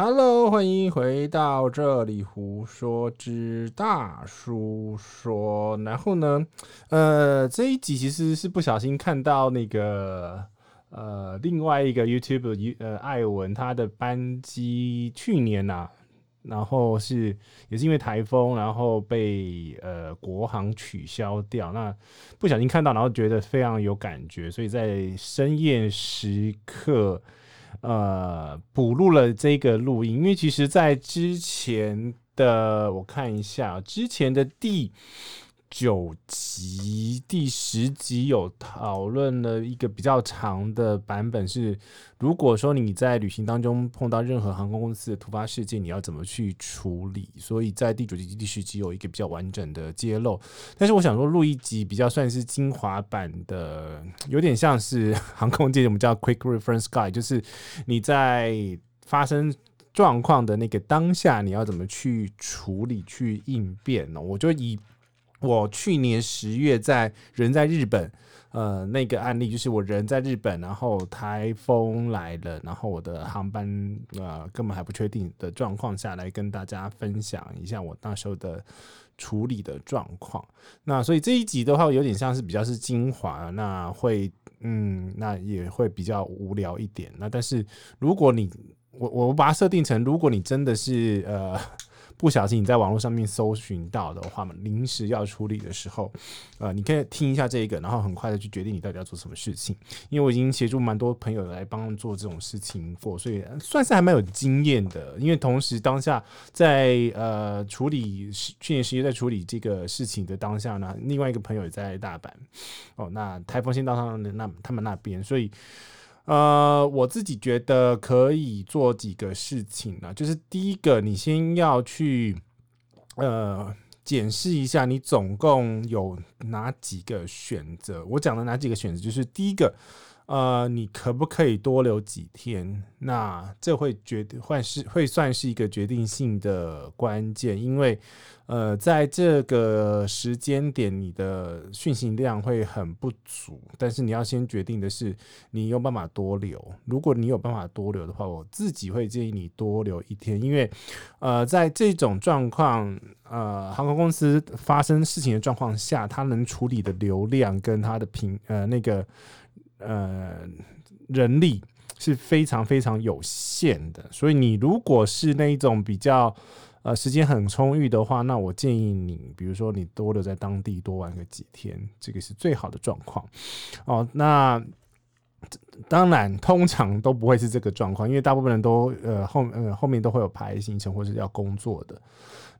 Hello，歡迎回到這裡，胡說之大叔說。然後呢，呃，這一集其實是不小心看到那個呃另外一個 YouTube，呃，艾文他的班機去年吶、啊，然後是也是因為颱風，然後被呃國航取消掉。那不小心看到，然後覺得非常有感覺，所以在深夜時刻。呃，補錄了這個錄音，因為其實在之前的，我看一下之前的第九集第十集有討論了一個比較長的版本是，如果說你在旅行當中碰到任何航空公司的突發事件，你要怎麼去處理？所以在第九集第十集有一個比較完整的揭露，但是我想說，錄一集比較算是精華版的，有點像是航空界我們叫 quick reference guide，就是你在發生狀況的那個當下，你要怎麼去處理、去應變呢？我就以我去年十月在人在日本，呃，那個案例就是我人在日本，然後颱風來了，然後我的航班呃根本還不確定的狀況下，來跟大家分享一下我那時候的處理的狀況。那所以這一集的話有點像是比較是精華，那會嗯，那也會比較無聊一點。那但是如果你我我把它設定成如果你真的是呃，不小心你在網絡上面搜尋到的話嘛，臨時要處理的時候，呃，你可以聽一下這個，然後很快的去決定你到底要做什麼事情。因為我已經協助蠻多朋友來幫做這種事情過，所以算是還蠻有經驗的。因為同時當下在呃處理去年十一月在處理這個事情的當下呢，另外一個朋友也在大阪，哦，那颱風先到他們那，他們那邊，所以。呃，我自己覺得可以做幾個事情呢？啊，就是第一個，你先要去呃，檢視一下你總共有哪幾個選擇。我講的哪幾個選擇，就是第一個。呃，你可不可以多留幾天？那這會決定，會是會算是一個決定性的關鍵，因為，呃，在這個時間點，你的訊息量會很不足。但是你要先決定的是，你有辦法多留。如果你有辦法多留的話，我自己會建議你多留一天，因為，呃，在這種狀況，呃，航空公司發生事情的狀況下，它能處理的流量跟它的平，呃，那個。呃，人力是非常非常有限的，所以你如果是那一種比較呃時間很充裕的話，那我建議你，比如說你多留在當地多玩個幾天，這個是最好的狀況。哦，那當然通常都不會是這個狀況，因為大部分人都呃後呃後面都會有排行程或是要工作的。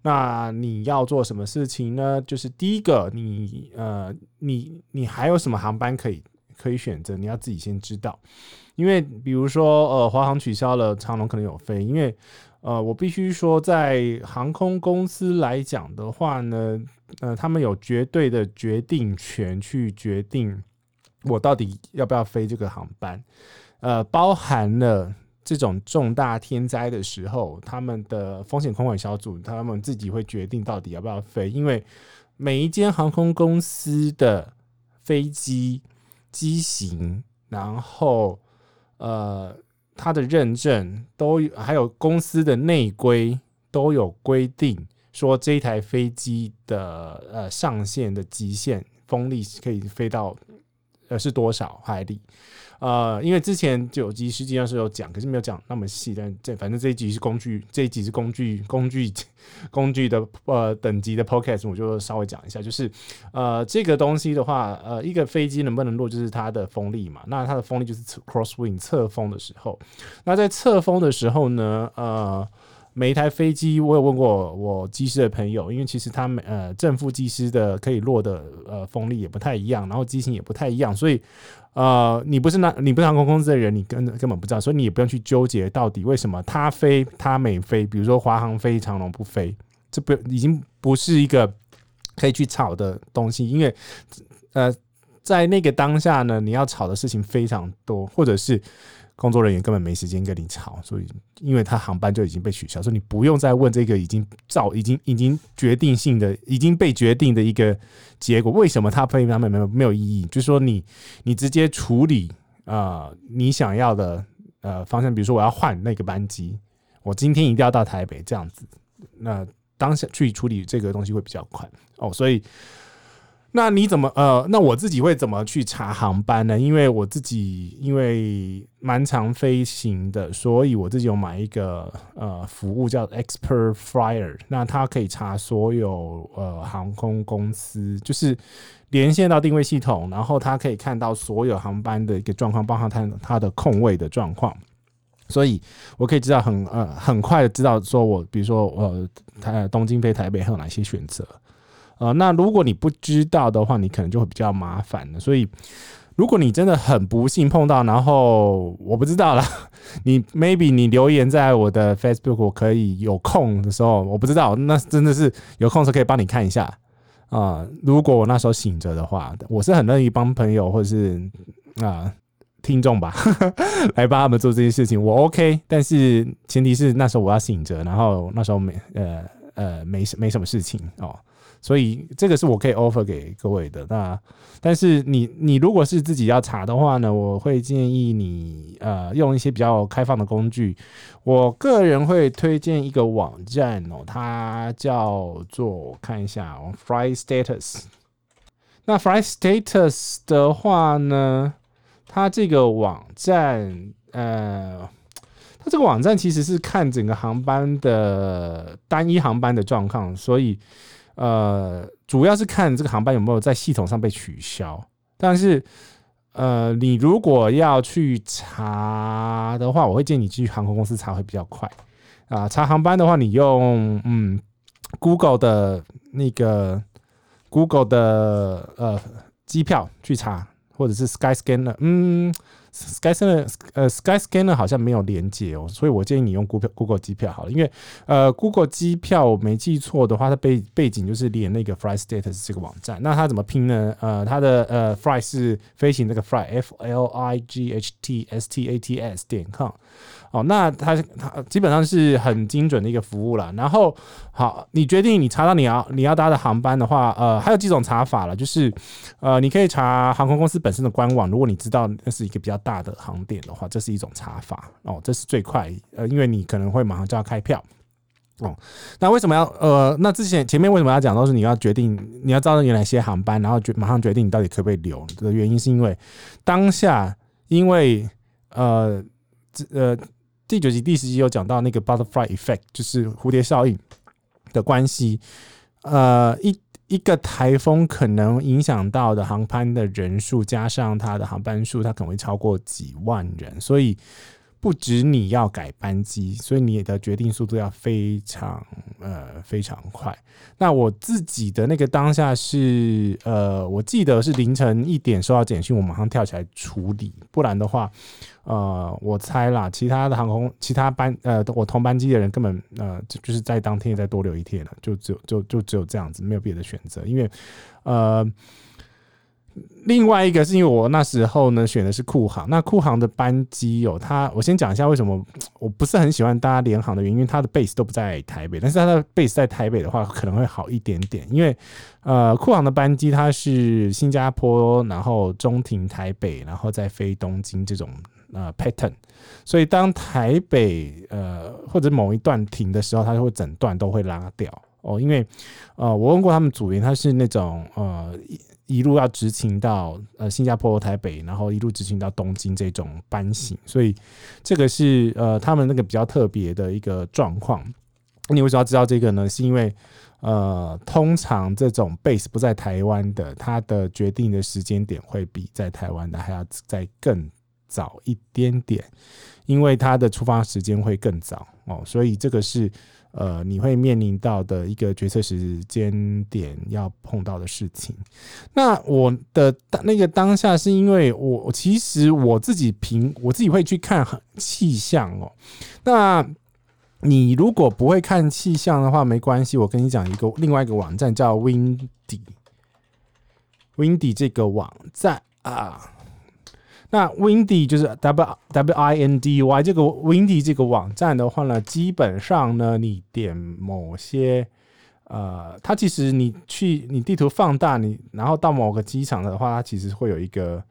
那你要做什麼事情呢？就是第一個，你呃你你還有什麼航班可以？可以選擇，你要自己先知道，因為比如說，呃，華航取消了，長榮可能有飛，因為，呃，我必須說，在航空公司來講的話呢，呃，他們有絕對的決定權去決定我到底要不要飛這個航班，呃，包含了這種重大天災的時候，他們的風險控管小組他們自己會決定到底要不要飛，因為每一間航空公司的飛機。機型，然後呃，它的認證都有，還有公司的內規都有規定，說這台飛機的呃上限的極限風力可以飛到。呃，是多少海里？呃，因為之前九集實際上是有講，可是沒有講那麼細。但這反正這一集是工具，這一集是工具工具工具的呃等級的 podcast，我就稍微講一下。就是呃，這個東西的話，呃，一個飛機能不能落，就是它的風力嘛。那它的風力就是 crosswind 側風的時候。那在側風的時候呢，呃。每一台飛機，我有問過我機師的朋友，因為其實他們呃正副機師的可以落的呃風力也不太一樣，然後機型也不太一樣，所以呃你不是那你不是航空公司的人，你根根本不知道，所以你也不用去糾結到底為什麼他飛他沒飛，比如說華航飛長榮不飛，這不已經不是一個可以去吵的東西，因為呃在那個當下呢，你要吵的事情非常多，或者是。工作人員根本沒時間跟你吵，所以因為他航班就已經被取消，所以你不用再問這個已經早已經已經決定性的已經被決定的一個結果，為什麼他非常沒有沒有意義？就是說你你直接處理啊、呃，你想要的呃方向，比如說我要換那個班機，我今天一定要到台北這樣子，那當下去處理這個東西會比較快哦，所以。那你怎麼呃？那我自己會怎麼去查航班呢？因為我自己因為蠻常飛行的，所以我自己有買一個呃服務叫 Expert Flyer，那它可以查所有呃航空公司，就是連線到定位系統，然後它可以看到所有航班的一個狀況，包括它它的空位的狀況，所以我可以知道很呃很快的知道說我，我比如說我台東京飛台北還有哪些選擇。啊、呃，那如果你不知道的話，你可能就會比較麻煩了。所以，如果你真的很不幸碰到，然後我不知道啦，你 maybe 你留言在我的 Facebook，我可以有空的時候，我不知道，那真的是有空的時候可以幫你看一下啊、呃。如果我那時候醒着的話，我是很樂意幫朋友或者是啊、呃、聽眾吧，呵呵來幫他們做這些事情，我 OK。但是前提是那時候我要醒着，然後那時候沒呃呃沒什沒什麼事情哦。呃所以這個是我可以 offer 給各位的。那但是你你如果是自己要查的話呢，我會建議你呃用一些比較開放的工具。我個人會推薦一個網站哦，它叫做我看一下 Flightstats。那 Flightstats 的話呢，它這個網站呃，它這個網站其實是看整個航班的單一航班的狀況，所以。呃，主要是看這個航班有沒有在系統上被取消。但是，呃，你如果要去查的話，我會建議你去航空公司查會比較快。啊，查航班的話，你用嗯，Google 的那個 Google 的呃機票去查，或者是 Skyscanner，嗯。Skyscanner 呃，Skyscanner 好像沒有連接哦，所以我建議你用 Google Google 機票好了，因為呃 Google 機票，我沒記錯的話，它背背景就是連那個 FlightStats 這個網站。那它怎麼拼呢？呃，它的呃 Flight 是飛行那個 Flight，F L I G H T S T A T S 點 com。哦，那它它基本上是很精準的一個服務了。然後好，你決定你查到你要你要搭的航班的話，呃，還有幾種查法了，就是呃，你可以查航空公司本身的官網，如果你知道那是一個比較。大的航點的話，這是一種查法哦，這是最快呃，因為你可能會馬上就要開票哦。那為什麼要呃？那之前前面為什麼要講都是你要決定你要知道有哪些航班，然後決馬上決定你到底可不可以留這個原因，是因為當下因為呃這呃第九集第十集有講到那個 butterfly effect 就是蝴蝶效應的關係，呃一。一個颱風可能影響到的航班的人數，加上它的航班數，它可能會超過幾萬人，所以，不只你要改班機，所以你的決定速度要非常呃非常快。那我自己的那個當下是呃，我記得是凌晨一點收到簡訊，我馬上跳起來處理，不然的話，呃，我猜啦，其他的航空其他班呃，我同班機的人根本呃，就是在當天再多留一天了，就只有就就只有這樣子，沒有別的選擇，因為呃。另外一個是因為我那時候呢選的是酷航，那酷航的班機哦，它，我先講一下為什麼我不是很喜歡搭聯航的原因，因為它的 base 都不在台北，但是它的 base 在台北的話可能會好一點點，因為呃酷航的班機它是新加坡，然後中停台北，然後再飛東京這種呃 pattern，所以當台北呃或者某一段停的時候，它就會整段都會拉掉哦，因為呃我問過他們組員，他是那種呃。一路要執勤到呃新加坡、台北，然後一路執勤到東京這種班型，所以這個是呃他們那個比較特別的一個狀況。你為什麼要知道這個呢？是因為呃通常這種 base 不在台灣的，它的決定的時間點會比在台灣的還要再更早一點點，因為它的出發時間會更早哦。所以這個是。呃，你會面臨到的一個決策時間點要碰到的事情。那我的那個當下是因為我其實我自己平我自己會去看氣象哦、喔。那你如果不會看氣象的話，沒關係，我跟你講一個另外一個網站叫 Windy，Windy 這個網站啊。那 Windy 就是 W W I N D Y 這個 Windy 這個網站的話呢，基本上呢，你點某些呃，它其實你去你地圖放大，你然後到某個機場的話，它其實會有一個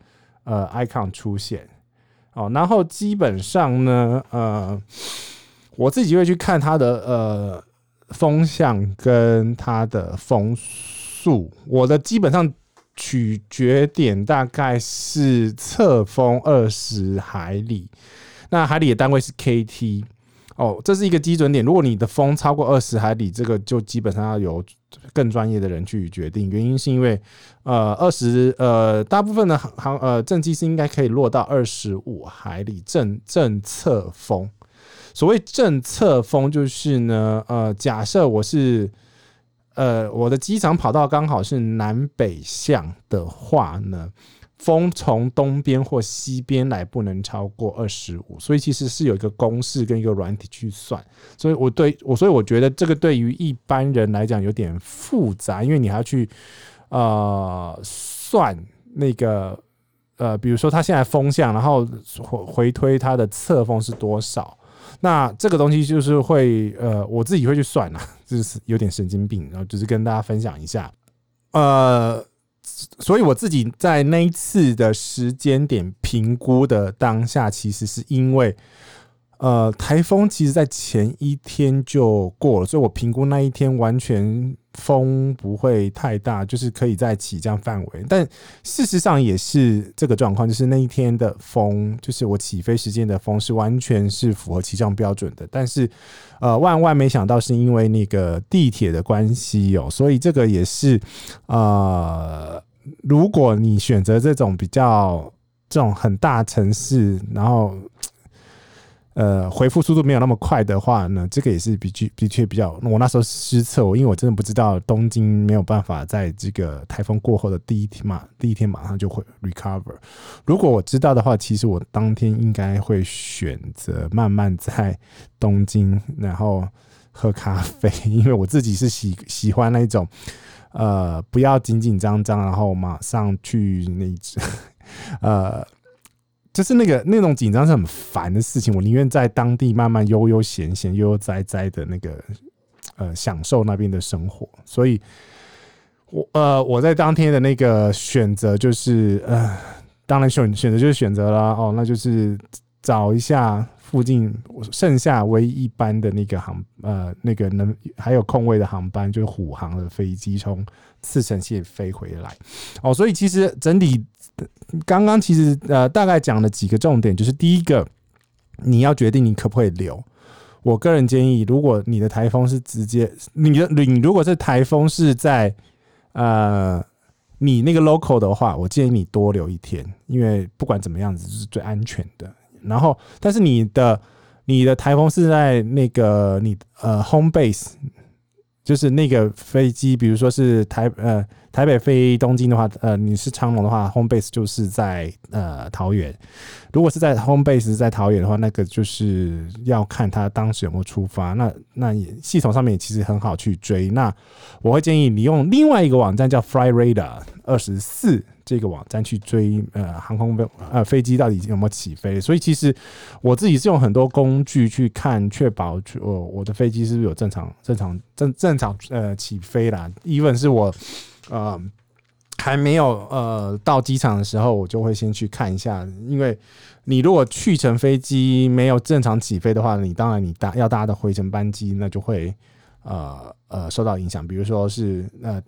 呃 icon 出現哦。然後基本上呢，呃，我自己會去看它的呃風向跟它的風速，我的基本上。取決點大概是側風二十海裡，那海裡的單位是 KT 哦，這是一個基準點。如果你的風超過二十海裡，這個就基本上要由更專業的人去決定。原因是因為，呃，二十呃，大部分的航航呃，正機師應該可以落到二十五海裡正正側風。所謂正側風，就是呢，呃，假設我是。呃，我的機場跑道剛好是南北向的話呢，風從東邊或西邊來不能超過二十五，所以其實是有一個公式跟一個軟體去算，所以我對我所以我覺得這個對於一般人來講有點複雜，因為你還要去呃算那個呃，比如說它現在風向，然後回回推它的側風是多少，那這個東西就是會呃，我自己會去算啦、啊。就是有點神經病，然後就是跟大家分享一下，呃，所以我自己在那一次的時間點評估的當下，其實是因為。呃，颱風其實，在前一天就過了，所以我評估那一天完全風不會太大，就是可以在起降範圍。但事實上也是這個狀況，就是那一天的風，就是我起飛時間的風是完全是符合起降標準的。但是，呃，萬萬沒想到是因為那個地鐵的關係哦，所以這個也是，呃，如果你選擇這種比較這種很大城市，然後。呃，回復速度沒有那麼快的話呢，這個也是比確的確比較。我那時候失策，我因為我真的不知道東京沒有辦法在這個台風過後的第一天嘛，第一天馬上就會 recover。如果我知道的話，其實我當天應該會選擇慢慢在東京，然後喝咖啡，因為我自己是喜喜歡那種，呃，不要緊緊張張，然後馬上去那一隻，呃。就是那個那種緊張是很煩的事情，我寧願在當地慢慢悠悠閒閒悠悠哉哉的那個呃享受那邊的生活。所以，我呃我在當天的那個選擇就是呃，當然選選擇就是選擇了哦，那就是找一下附近剩下唯一一班的那個航呃那個能還有空位的航班，就是虎航的飛機從茨城縣飛回來。哦，所以其實整體。剛剛其實呃，大概講了幾個重點，就是第一個，你要決定你可不可以留。我個人建議，如果你的台風是直接你的，你如果是台風是在呃你那個 local 的話，我建議你多留一天，因為不管怎麼樣子，就是最安全的。然後，但是你的你的台風是在那個你呃 home base，就是那個飛機，比如說是台呃。台北飛東京的話，呃，你是長榮的話，home base 就是在呃桃園。如果是在 home base 在桃園的話，那個就是要看他當時有沒有出發。那那也系統上面其實很好去追。那我會建議你用另外一個網站叫 Flightradar24，這個網站去追呃航空飛呃飛機到底有沒有起飛。所以其實我自己是用很多工具去看確保我、呃、我的飛機是不是有正常正常正正常呃起飛啦。even 是我。呃，還沒有呃，到機場的時候，我就會先去看一下，因為你如果去程飛機沒有正常起飛的話，你當然你搭要搭的回程班機，那就會呃呃受到影響。比如說是那、呃、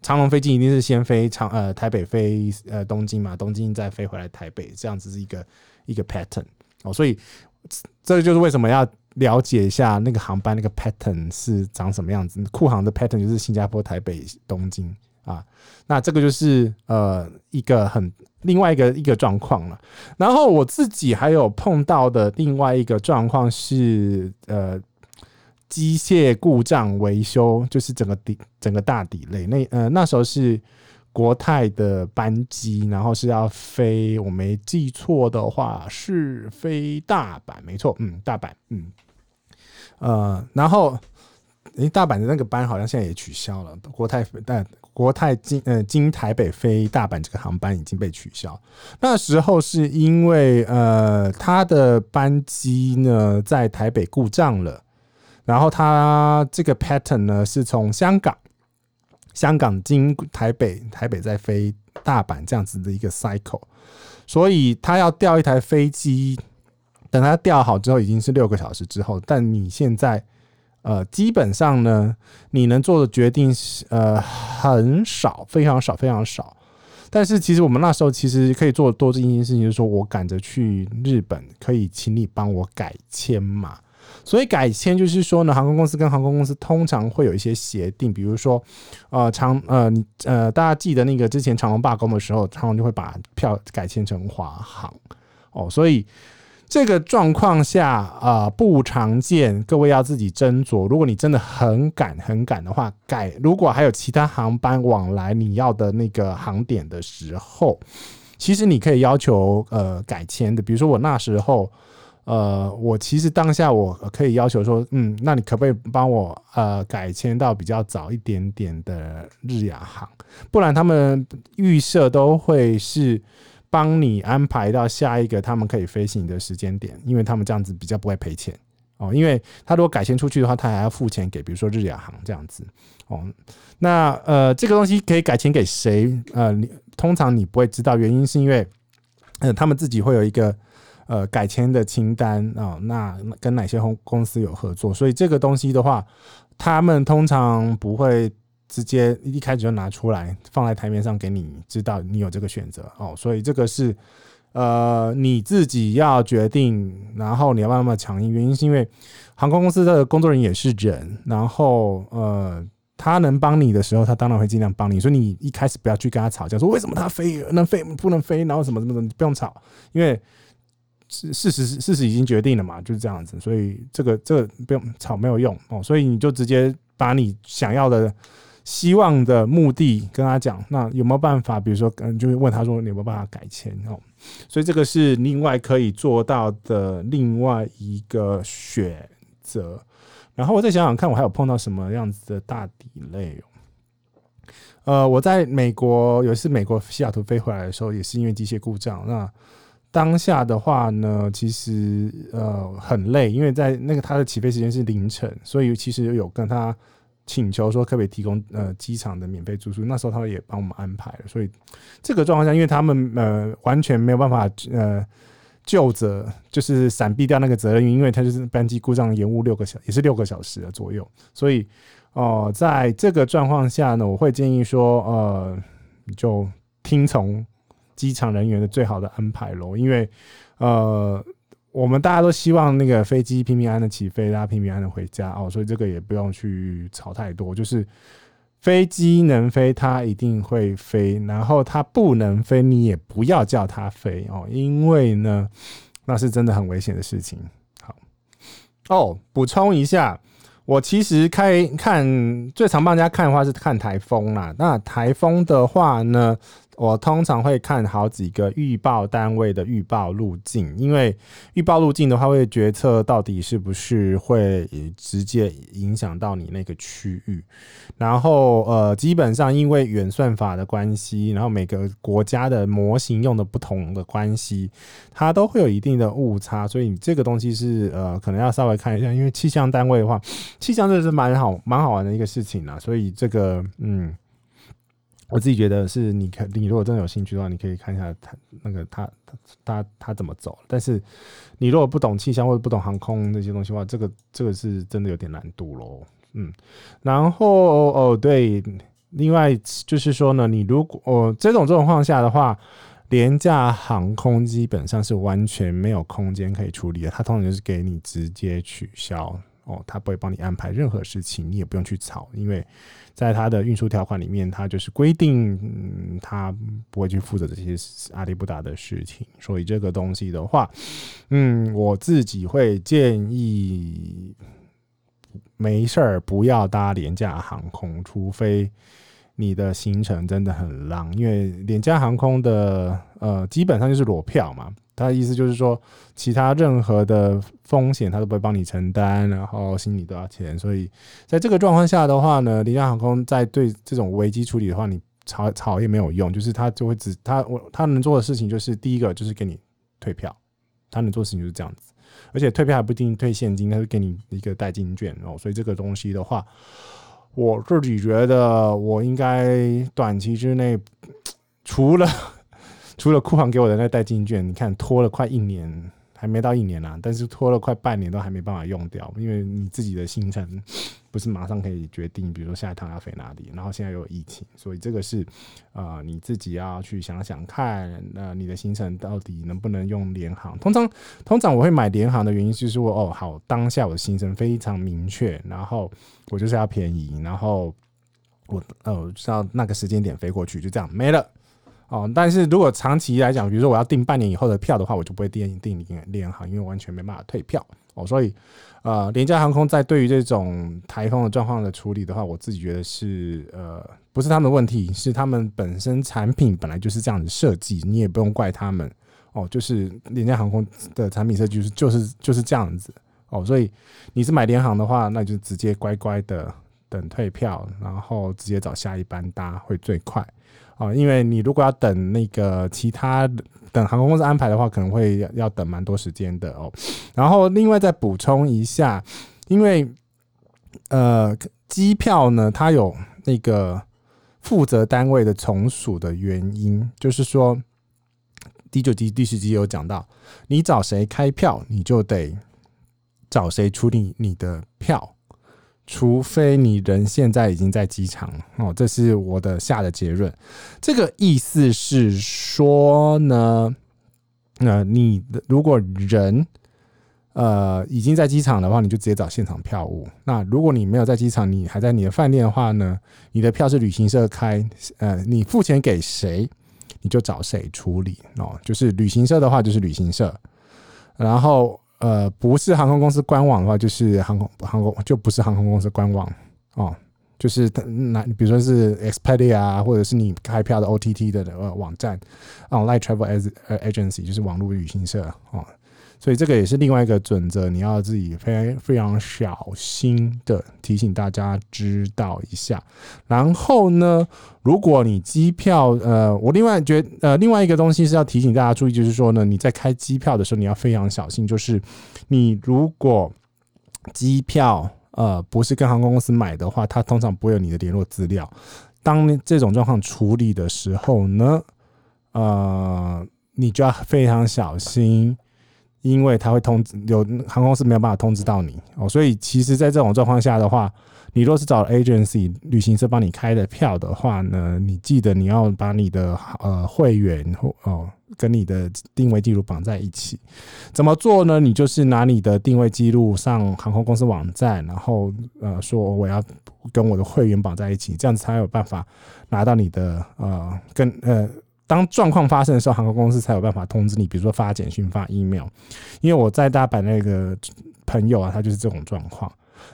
長榮飛機一定是先飛長呃台北飛呃東京嘛，東京再飛回來台北，這樣子是一個一個 pattern 哦，所以這就是為什麼要。了解一下那個航班那個 pattern 是長什麼樣子？酷航的 pattern 就是新加坡、台北、東京啊。那這個就是呃一個很另外一個一個狀況了。然後我自己還有碰到的另外一個狀況是呃機械故障維修，就是整個底整個大 delay 那呃那時候是。國泰的班機，然後是要飛，我沒記錯的話，是飛大阪，沒錯，嗯，大阪，嗯，呃，然後，誒，大阪的那個班好像現在也取消了，國泰，但國泰經呃，經台北飛大阪這個航班已經被取消。那時候是因為，呃，他的班機呢在台北故障了，然後他這個 pattern 呢是從香港。香港經台北，台北再飛大阪這樣子的一個 cycle，所以他要調一台飛機，等他調好之後已經是六個小時之後。但你現在，呃，基本上呢，你能做的決定是，呃，很少，非常少，非常少。但是其實我們那時候其實可以做多這一件事情，就是說我趕着去日本，可以請你幫我改簽嘛。所以改簽就是說呢，航空公司跟航空公司通常會有一些協定，比如說，呃長呃你呃大家記得那個之前長榮罷工的時候，長榮就會把票改簽成華航哦。所以這個狀況下啊、呃、不常見，各位要自己斟酌。如果你真的很趕很趕的話，改如果還有其他航班往來你要的那個航點的時候，其實你可以要求呃改簽的，比如說我那時候。呃，我其實當下我可以要求說，嗯，那你可不可以幫我呃改簽到比較早一點點的日亞航？不然他們預設都會是幫你安排到下一個他們可以飛行的時間點，因為他們這樣子比較不會賠錢哦。因為他如果改簽出去的話，他還要付錢給，比如說日亞航這樣子哦。那呃，這個東西可以改簽給誰？呃，你通常你不會知道，原因是因為嗯、呃，他們自己會有一個。呃，改簽的清單啊、哦，那跟哪些公公司有合作？所以這個東西的話，他們通常不會直接一開始就拿出來放在台面上給你知道，你有這個選擇哦。所以這個是呃你自己要決定，然後你要慢慢強硬。原因是因為航空公司的工作人員也是人，然後呃他能幫你的時候，他當然會盡量幫你。所以你一開始不要去跟他吵架，說為什麼他飛能飛不能飛，然後什麼什麼的，你不用吵，因為。事實事實已經決定了嘛，就是這樣子，所以這個這個不用吵沒有用哦，所以你就直接把你想要的希望的目的跟他講，那有沒有辦法？比如說，嗯，就是問他說你有沒有辦法改簽哦，所以這個是另外可以做到的另外一個選擇。然後我再想想看，我還有碰到什麼樣子的大地雷、哦、呃，我在美國有一次，美國西雅圖飛回來的時候，也是因為機械故障那。當下的話呢，其實呃很累，因為在那個他的起飛時間是凌晨，所以其實有跟他請求說，特別提供呃機場的免費住宿。那時候他也幫我們安排了，所以這個狀況下，因為他們呃完全沒有辦法呃就着就是閃避掉那個責任，因為他就是班機故障延誤六個小，也是六個小時的左右。所以哦、呃，在這個狀況下呢，我會建議說，呃，你就聽從。機場人員的最好的安排囉，因為，呃，我們大家都希望那個飛機平平安的起飛，大家平平安的回家哦，所以這個也不用去吵太多。就是飛機能飛，它一定會飛；然後它不能飛，你也不要叫它飛哦，因為呢，那是真的很危險的事情。好，哦，補充一下，我其實開看最常幫人家看的話是看台風啦。那台風的話呢？我通常會看好幾個預報單位的預報路徑，因為預報路徑的話會決策到底是不是會直接影響到你那個區域。然後呃，基本上因為演算法的關係，然後每個國家的模型用的不同的關係，它都會有一定的誤差。所以你這個東西是呃，可能要稍微看一下，因為氣象單位的話，氣象真的是蠻好蠻好玩的一個事情啦。所以這個嗯。我自己覺得是，你可，你如果真的有興趣的話，你可以看一下他那個他他他怎麼走。但是你如果不懂氣象或者不懂航空那些東西的話，這個這個是真的有點難度咯。嗯，然後哦對，另外就是說呢，你如果哦這種狀況下的話，廉價航空基本上是完全沒有空間可以處理的，它通常就是給你直接取消。哦，他不會幫你安排任何事情，你也不用去吵，因為在他的運輸條款裡面，他就是規定，嗯，他不會去負責這些阿里不達的事情。所以這個東西的話，嗯，我自己會建議，沒事兒不要搭廉價航空，除非你的行程真的很浪，因為廉價航空的呃基本上就是裸票嘛。他的意思就是說，其他任何的風險他都不會幫你承擔，然後收你多少錢。所以，在這個狀況下的話呢，廉價航空在對這種危機處理的話，你吵吵也沒有用，就是他就會只他我他能做的事情就是第一個就是給你退票，他能做事情就是這樣子，而且退票還不一定退現金，他是給你一個代金券哦。所以這個東西的話，我自己覺得我應該短期之內除了。除了酷航給我的那代金券，你看拖了快一年，還沒到一年呢、啊，但是拖了快半年都還沒辦法用掉，因為你自己的行程不是馬上可以決定，比如說下一趟要飛哪裡，然後現在又有疫情，所以這個是啊、呃、你自己要去想想看，那、呃、你的行程到底能不能用廉航？通常通常我會買廉航的原因就是說，哦好，當下我的行程非常明確，然後我就是要便宜，然後我哦，知、呃、道那個時間點飛過去，就這樣沒了。哦，但是如果長期來講，比如說我要訂半年以後的票的話，我就不會訂訂廉航，因為完全沒辦法退票哦。所以，呃，廉價航空在對於這種颱風的狀況的處理的話，我自己覺得是呃，不是他們的問題，是他們本身產品本來就是這樣子設計，你也不用怪他們哦。就是廉價航空的產品設計就是、就是、就是這樣子哦。所以，你是買廉航的話，那就直接乖乖的等退票，然後直接找下一班搭會最快。哦，因為你如果要等那個其他等航空公司安排的話，可能會要要等蠻多時間的哦。然後另外再補充一下，因為呃，機票呢，它有那個負責單位的從屬的原因，就是說第九集、第十集有講到，你找誰開票，你就得找誰處理你的票。除非你人現在已經在機場哦，這是我的下的結論。這個意思是說呢，那、呃、你如果人呃已經在機場的話，你就直接找現場票務。那如果你沒有在機場，你還在你的飯店的話呢，你的票是旅行社開，呃，你付錢給誰，你就找誰處理哦、呃。就是旅行社的話，就是旅行社。然後。呃，不是航空公司官網的話，就是航空航空就不是航空公司官網哦，就是那比如說是 Expedia 或者是你開票的 OTT 的網站，Online Travel As Agency 就是網絡旅行社哦。所以這個也是另外一個準則，你要自己非常非常小心的提醒大家知道一下。然後呢，如果你機票呃，我另外覺得呃另外一個東西是要提醒大家注意，就是說呢，你在開機票的時候你要非常小心，就是你如果機票呃不是跟航空公司買的話，它通常不會有你的聯絡資料。當這種狀況處理的時候呢，呃，你就要非常小心。因為他會通知，有航空公司沒有辦法通知到你哦，所以其實，在這種狀況下的話，你若是找 agency 旅行社幫你開的票的話呢，你記得你要把你的呃會員哦、呃、跟你的定位記錄綁在一起。怎麼做呢？你就是拿你的定位記錄上航空公司網站，然後呃說我要跟我的會員綁在一起，這樣子才有辦法拿到你的呃跟呃。當狀況發生的時候，航空公司才有辦法通知你，比如說發簡訊、發 email。因為我在大阪那個朋友啊，他就是這種狀況。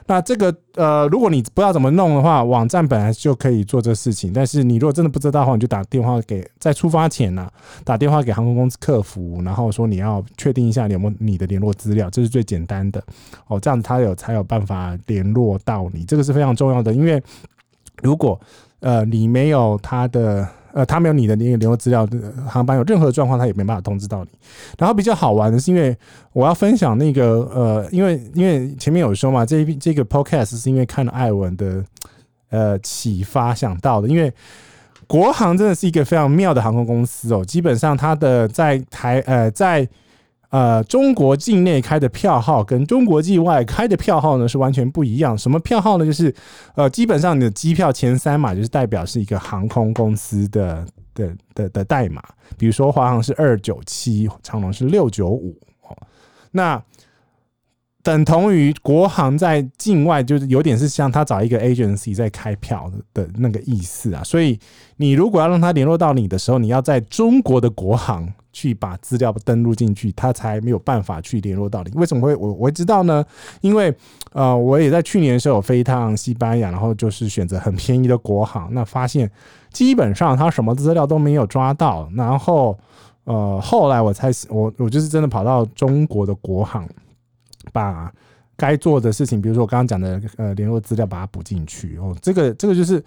那這個呃，如果你不知道怎麼弄的話，網站本來就可以做這事情。但是你如果真的不知道的話，你就打電話給在出發前呢、啊，打電話給航空公司客服，然後說你要確定一下你有沒有你的聯絡資料，這是最簡單的哦。這樣子他有才有辦法聯絡到你，這個是非常重要的。因為如果呃你沒有他的。呃，他沒有你的那個聯絡資料，航班有任何的狀況，他也沒辦法通知到你。然後比較好玩的是，因為我要分享那個呃，因為因為前面有說嘛，這一這個 Podcast 是因為看了艾文的呃啟發想到的。因為國航真的是一個非常妙的航空公司哦，基本上它的在台呃在。呃，中國境內開的票號跟中國境外開的票號呢是完全不一樣。什麼票號呢？就是呃，基本上你的機票前三碼，就是代表是一個航空公司的的的的代碼。比如說，華航是二九七，長榮是六九五。哦，那等同於國航在境外就是有點是像他找一個 agency 在開票的那個意思啊。所以你如果要讓他聯絡到你的時候，你要在中國的國航。去把資料登錄進去，他才沒有辦法去聯絡到你。為什麼會我我知道呢？因為呃，我也在去年的時候有飛一趟西班牙，然後就是選擇很便宜的國航，那發現基本上他什麼資料都沒有抓到。然後呃，後來我才我我就是真的跑到中國的國航，把該做的事情，比如說我剛剛講的呃聯絡資料，把它補進去。哦，這個這個就是。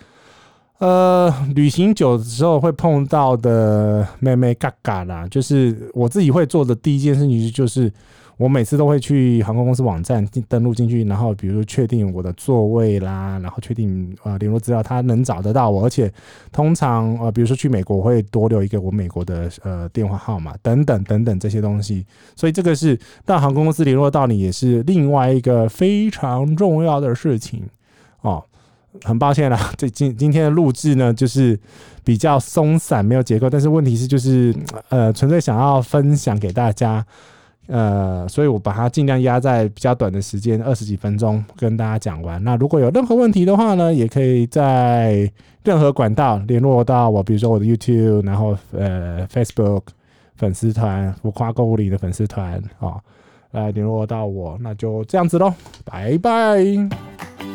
呃，旅行久的時候會碰到的妹妹嘎嘎啦，就是我自己會做的第一件事情就是，我每次都會去航空公司網站登錄進去，然後比如說確定我的座位啦，然後確定啊、呃、聯絡資料，他能找得到我，而且通常啊、呃，比如說去美國，我會多留一個我美國的呃電話號碼等等等等這些東西，所以這個是到航空公司聯絡到你也是另外一個非常重要的事情哦。很抱歉啦，這今天今天的錄製呢，就是比較鬆散，沒有結構。但是問題是，就是呃，純粹想要分享給大家，呃，所以我把它盡量壓在比較短的時間，二十幾分鐘跟大家講完。那如果有任何問題的話呢，也可以在任何管道聯絡到我，比如說我的 YouTube，然後呃 Facebook 粉絲團，浮誇購物裡的粉絲團，啊、喔，來聯絡到我。那就這樣子嘍，拜拜。